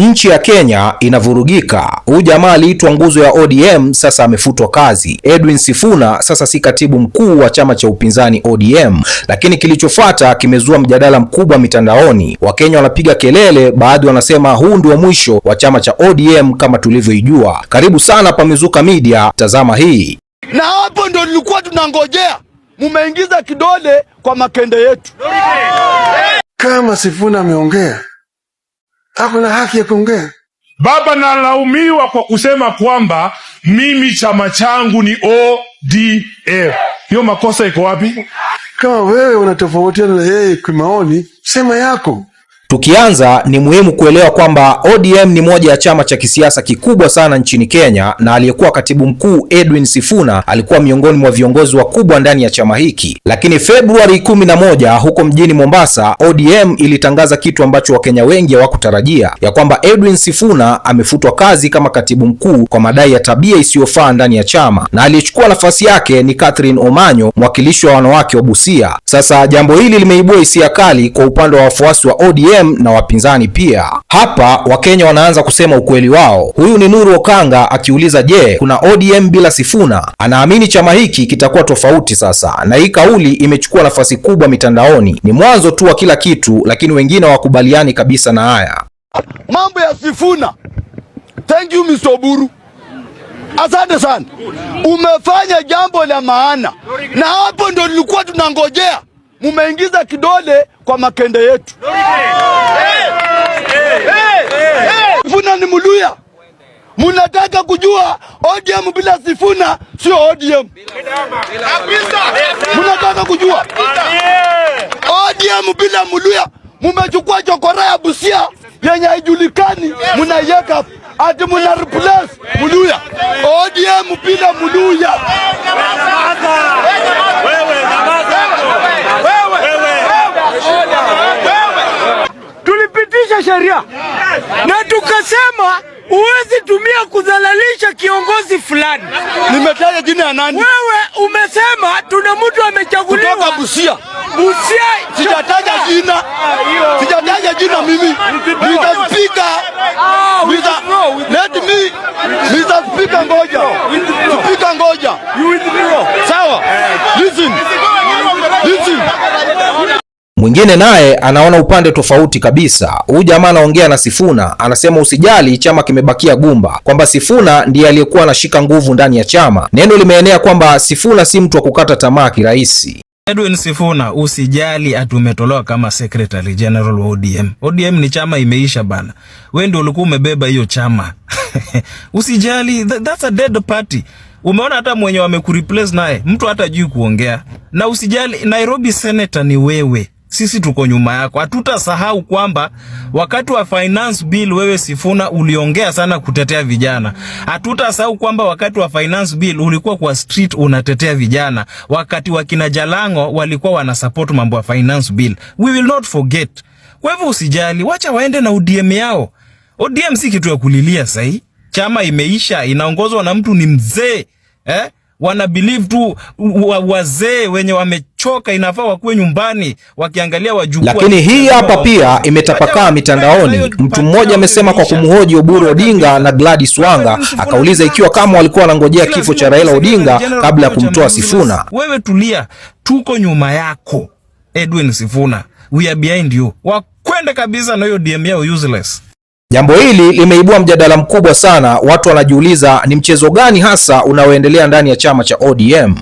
Nchi ya Kenya inavurugika. Huyu jamaa aliitwa nguzo ya ODM, sasa amefutwa kazi. Edwin Sifuna sasa si katibu mkuu wa chama cha upinzani ODM, lakini kilichofuata kimezua mjadala mkubwa mitandaoni. Wakenya wanapiga kelele, baadhi wanasema huu ndio mwisho wa chama cha ODM kama tulivyoijua. Karibu sana Pamezuka Media, tazama hii. Na hapo ndo tulikuwa tunangojea, mumeingiza kidole kwa makende yetu. Kama Sifuna ameongea ako na haki ya kuongea. Baba nalaumiwa kwa kusema kwamba mimi chama changu ni ODM. Hiyo makosa iko wapi? Kama wewe unatofautiana na yeye kimaoni, sema yako. Tukianza ni muhimu kuelewa kwamba ODM ni moja ya chama cha kisiasa kikubwa sana nchini Kenya, na aliyekuwa katibu mkuu Edwin Sifuna alikuwa miongoni mwa viongozi wakubwa ndani ya chama hiki. Lakini Februari 11 huko mjini Mombasa, ODM ilitangaza kitu ambacho Wakenya wengi hawakutarajia, ya kwamba Edwin Sifuna amefutwa kazi kama katibu mkuu kwa madai ya tabia isiyofaa ndani ya chama, na aliyechukua nafasi yake ni Catherine Omanyo, mwakilishi wa wanawake wa Busia. Sasa jambo hili limeibua hisia kali kwa upande wa wafuasi wa ODM CCM na wapinzani pia. Hapa Wakenya wanaanza kusema ukweli wao. Huyu ni Nuru Okanga akiuliza, je, kuna ODM bila Sifuna? Anaamini chama hiki kitakuwa tofauti sasa, na hii kauli imechukua nafasi kubwa mitandaoni. Ni mwanzo tu wa kila kitu, lakini wengine hawakubaliani kabisa na haya mambo ya Sifuna. Thank you Mr. Oburu. Asante sana, umefanya jambo la maana, na hapo ndo nilikuwa tunangojea mumeingiza kidole kwa makende yetu. Sifuna ni Muluya, munataka kujua ODM bila Sifuna sio ODM. Munataka kujua ODM bila Muluya, mumechukua chokora ya Busia yenye haijulikani, munaiweka ati muna replace Muluya. ODM bila Muluya Ukasema uwezi tumia kudhalalisha kiongozi fulani. Nimetaja jina ya nani? Wewe umesema tuna mtu amechaguliwa kutoka Busia. Busia. Sijataja jina. Sijataja jina mimi. Mr. Ah, Speaker. Let me Mr. Speaker ngoja. Speaker ngoja. Sawa. Eh. Listen. Listen. Mwingine naye anaona upande tofauti kabisa. Huyu jamaa anaongea na Sifuna, anasema usijali, chama kimebakia gumba, kwamba Sifuna ndiye aliyekuwa anashika nguvu ndani ya chama. Neno limeenea kwamba Sifuna si mtu wa kukata tamaa kirahisi. Edwin Sifuna usijali, ati umetolewa kama secretary general wa ODM. ODM ni chama, imeisha bana. Wewe ndio ulikuwa umebeba hiyo chama usijali, that's a dead party. Umeona hata mwenye wamekureplace naye mtu hata jui kuongea, na usijali, Nairobi senator ni wewe sisi tuko nyuma yako. Hatutasahau kwamba wakati wa finance bill wewe Sifuna uliongea sana kutetea vijana. Hatutasahau kwamba wakati wa finance bill ulikuwa kwa street unatetea vijana, wakati wa kina Jalango walikuwa wana support mambo ya finance bill. We will not forget. Kwa hivyo usijali, wacha waende na ODM yao. ODM si kitu ya kulilia sahi. Chama imeisha, inaongozwa na mtu ni mzee eh? wana believe tu wazee wenye wamechoka inafaa wakuwe nyumbani wakiangalia wajukuu. Lakini hii hapa pia imetapakaa mitandaoni. Mtu mmoja amesema kwa kumhoji Oburu Odinga na Gladys Wanga, akauliza ikiwa kama walikuwa wanangojea kifo cha Raila Odinga kabla ya kumtoa Sifuna. Wewe tulia, tuko nyuma yako Edwin Sifuna, we are behind you. Wakwende kabisa na hiyo DM yao useless. Jambo hili limeibua mjadala mkubwa sana. Watu wanajiuliza ni mchezo gani hasa unaoendelea ndani ya chama cha ODM.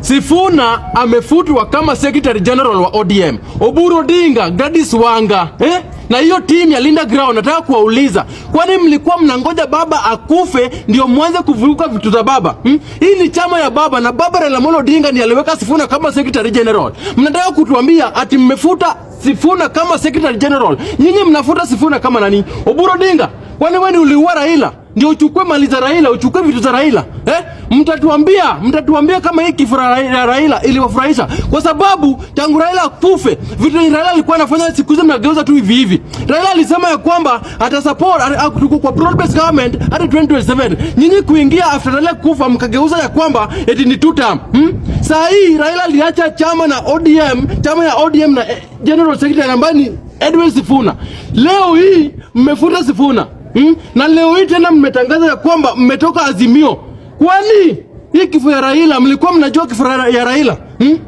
Sifuna amefutwa kama Secretary General wa ODM. Oburu Odinga, Gladys Wanga, eh? na hiyo timu ya Linda Ground nataka kuwauliza, kwani mlikuwa mnangoja baba akufe ndio mwanze kuvuka vitu za baba hmm? Hii ni chama ya baba na baba Raila Amolo Odinga ni aliweka Sifuna kama Secretary General. Mnataka kutuambia ati mmefuta Sifuna kama Secretary General? Nyinyi mnafuta Sifuna kama nani? Oburu Odinga, kwani wewe uliua Raila ndio uchukue mali za Raila, uchukue vitu za Raila eh? mtatuambia mtatuambia kama hii kifo la Raila iliwafurahisha, kwa sababu tangu Raila kufe vitu ni Raila alikuwa anafanya siku zote mnageuza tu hivi hivi. Raila alisema ya kwamba ata support tuko kwa broad based government hadi 2027. Nyinyi kuingia after Raila kufa mkageuza ya kwamba eti ni tuta Hmm? Saa hii Raila aliacha chama na ODM, chama ya ODM na eh, General Secretary ambaye ni Edwin Sifuna. Leo hii mmefuta Sifuna. Hmm? Na leo hii tena mmetangaza ya kwamba mmetoka Azimio. Kwani hii kifo ya Raila mlikuwa mnajua kifo ya Raila? Hmm?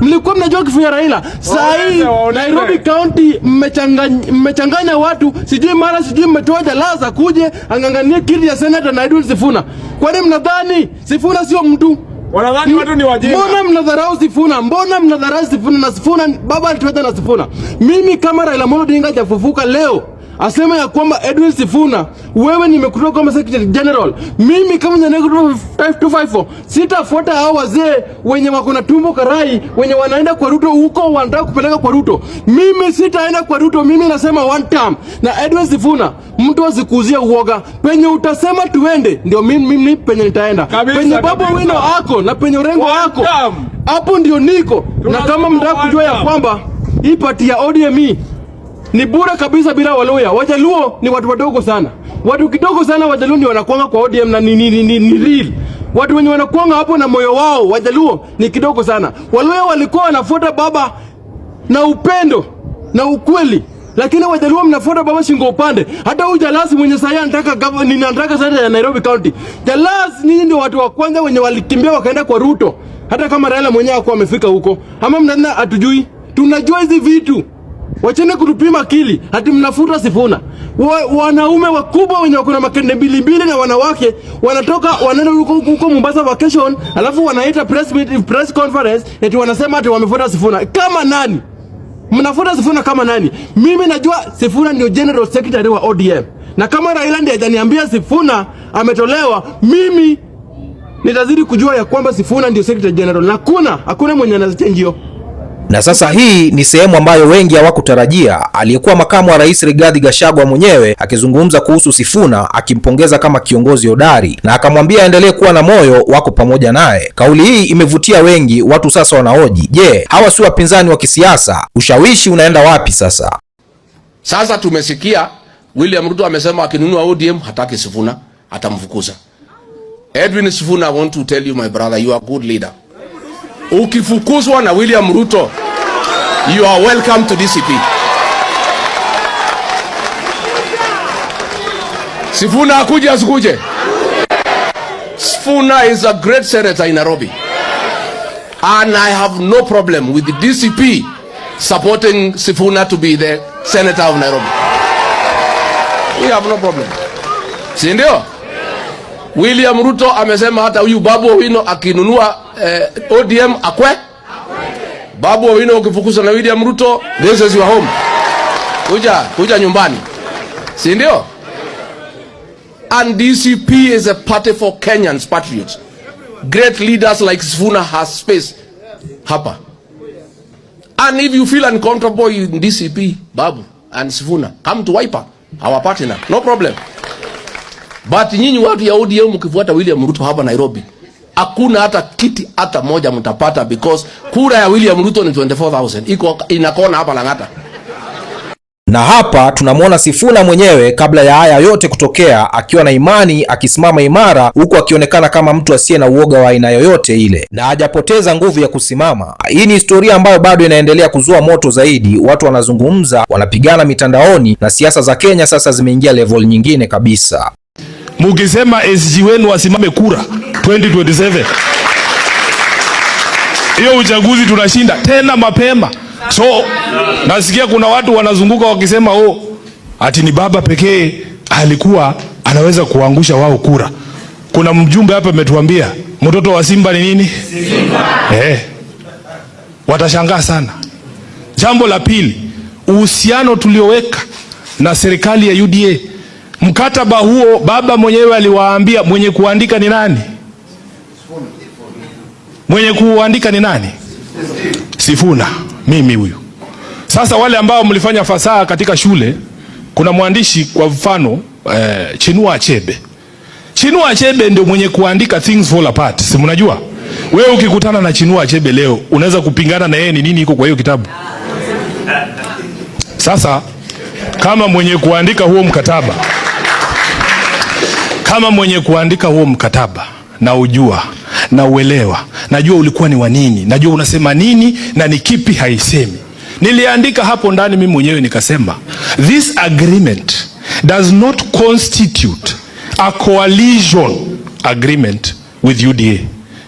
Mlikuwa mnajua kifo ya Raila? Saa hii Nairobi County mmechanganya mmechanganya watu, sijui mara sijui mmetoa Jalasa kuje angangania kiti ya Senator Edwin Sifuna. Kwani mnadhani Sifuna sio mtu? Wanadhani watu ni wajinga. Mbona mnadharau Sifuna? Mbona mnadharau Sifuna na Sifuna baba alitueta na Sifuna? Mimi kama Raila Amolo Odinga hajafufuka leo asema ya kwamba Edwin Sifuna, wewe nimekutoka kama secretary general. Mimi kama nyanyago 254 sitafuata hao wazee wenye wako na tumbo karai, wenye wanaenda kwa Ruto huko, wanataka kupeleka kwa Ruto. Mimi sitaenda kwa Ruto, mimi nasema one term na Edwin Sifuna, mtu asikuuzie uoga. Penye utasema tuende ndio mimi, mimi penye nitaenda, penye babo wino ako na penye urengo ako, hapo ndio niko. Tuna Na kama mtaka kujua ya kwamba hii pati ya ODM e ni bure kabisa bila Waluya. Wajaluo ni watu wadogo sana, watu kidogo sana. Wajaluo ni wanakuanga kwa ODM na ni, ni, ni, ni, ni real watu wenye wanakuanga hapo na moyo wao. Wajaluo ni kidogo sana. Waluya walikuwa wanafuata baba na upendo na ukweli, lakini Wajaluo mnafuata baba shingo upande. Hata huyu Jalas mwenye sasa anataka gavana, anataka sasa ya Nairobi County. Jalas ninyi ndio watu wa kwanza wenye walikimbia wakaenda kwa Ruto, hata kama Raila mwenyewe hakuwa amefika huko. Ama mnadhani hatujui? Tunajua hizi vitu. Wacheni kutupima akili hati mnafuta sifuna. Wa, wanaume wakubwa wenye wako na makende mbili mbili na wanawake wanatoka wanaenda huko huko Mombasa vacation, alafu wanaita press meet, press conference eti wanasema ati wamefuta sifuna. Kama nani? Mnafuta sifuna kama nani? Mimi najua sifuna ndio general secretary wa ODM. Na kama Raila ndiye ajaniambia sifuna ametolewa, mimi nitazidi kujua ya kwamba sifuna ndio secretary general. Na kuna hakuna mwenye anachenjio. Na sasa hii ni sehemu ambayo wengi hawakutarajia, aliyekuwa makamu wa rais Rigathi Gachagua mwenyewe akizungumza kuhusu Sifuna akimpongeza kama kiongozi hodari na akamwambia aendelee kuwa na moyo, wako pamoja naye. Kauli hii imevutia wengi, watu sasa wanaoji je, hawa si wapinzani wa kisiasa? Ushawishi unaenda wapi sasa? Sasa tumesikia William Ruto amesema akinunua ODM hataki Sifuna, atamfukuza. Edwin Sifuna, I want to tell you my brother, you are good leader ukifukuzwa na William Ruto, you are welcome to DCP. Sifuna akuje asikuje? Sifuna is a great senator in Nairobi. And I have no problem with the DCP supporting Sifuna to be the senator of Nairobi. We have no problem. Si ndio? William Ruto amesema hata huyu Babu Owino akinunua eh, ODM akwe Babu Owino ukifukuza na William Ruto, this is your home. Kuja, kuja nyumbani. Si ndio? And DCP is a party for Kenyans patriots. Great leaders like Sifuna has space hapa. And if you feel uncomfortable in DCP, Babu and Sifuna, come to Wiper, our partner. No problem. But nyinyi watu ya ODM mkifuata William Ruto hapa Nairobi, hakuna hata kiti hata moja mtapata, because kura ya William Ruto ni 24000 iko inakona hapa Lang'ata. Na hapa tunamwona Sifuna mwenyewe kabla ya haya yote kutokea, akiwa na imani, akisimama imara, huku akionekana kama mtu asiye na uoga wa aina yoyote ile, na hajapoteza nguvu ya kusimama. Hii ni historia ambayo bado inaendelea kuzua moto zaidi, watu wanazungumza, wanapigana mitandaoni, na siasa za Kenya sasa zimeingia level nyingine kabisa mukisema SG wenu wasimame kura 2027 hiyo uchaguzi tunashinda tena mapema. So nasikia kuna watu wanazunguka wakisema oh, ati ni baba pekee alikuwa anaweza kuangusha wao kura. Kuna mjumbe hapa ametuambia mtoto wa Simba ni nini? Simba. Eh. Watashangaa sana. Jambo la pili, uhusiano tulioweka na serikali ya UDA Mkataba huo baba mwenyewe aliwaambia, mwenye kuandika ni nani? Mwenye kuandika ni nani? Sifuna, mimi huyu. Sasa wale ambao mlifanya fasaha katika shule, kuna mwandishi kwa mfano eh, Chinua Achebe. Chinua Achebe ndio mwenye kuandika Things Fall Apart, si mnajua? Wewe ukikutana na Chinua Achebe leo unaweza kupingana na yeye ni nini iko kwa hiyo kitabu? Sasa kama mwenye kuandika huo mkataba kama mwenye kuandika huo mkataba na ujua na uelewa, najua ulikuwa ni wa nini, najua unasema nini na ni kipi haisemi. Niliandika hapo ndani mimi mwenyewe nikasema, this agreement does not constitute a coalition agreement with UDA.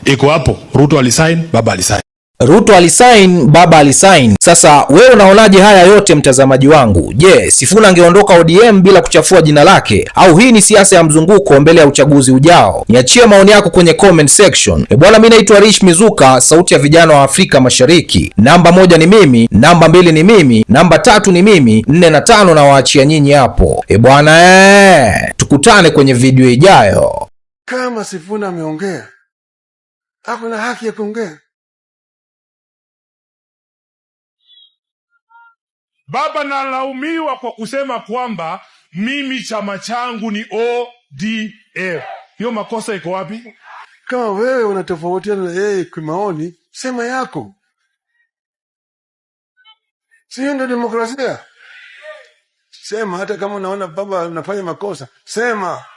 Iko hapo, Ruto alisign, baba alisign. Ruto alisain, baba alisain. Sasa wewe unaonaje haya yote mtazamaji wangu? Je, yes, Sifuna angeondoka ODM bila kuchafua jina lake au hii ni siasa ya mzunguko mbele ya uchaguzi ujao? Niachie maoni yako kwenye comment section. E bwana, mimi naitwa Rish Mizuka, sauti ya vijana wa Afrika Mashariki. Namba moja ni mimi, namba mbili ni mimi, namba tatu ni mimi, nne na tano na waachia nyinyi hapo. E bwana ee, tukutane kwenye video ijayo. Kama Sifuna ameongea, hakuna haki ya kuongea. Baba nalaumiwa kwa kusema kwamba mimi chama changu ni ODM. Hiyo makosa iko wapi? Kama wewe unatofautiana na yeye kimaoni, sema yako, si ndio demokrasia? Sema hata kama unaona baba anafanya makosa, sema.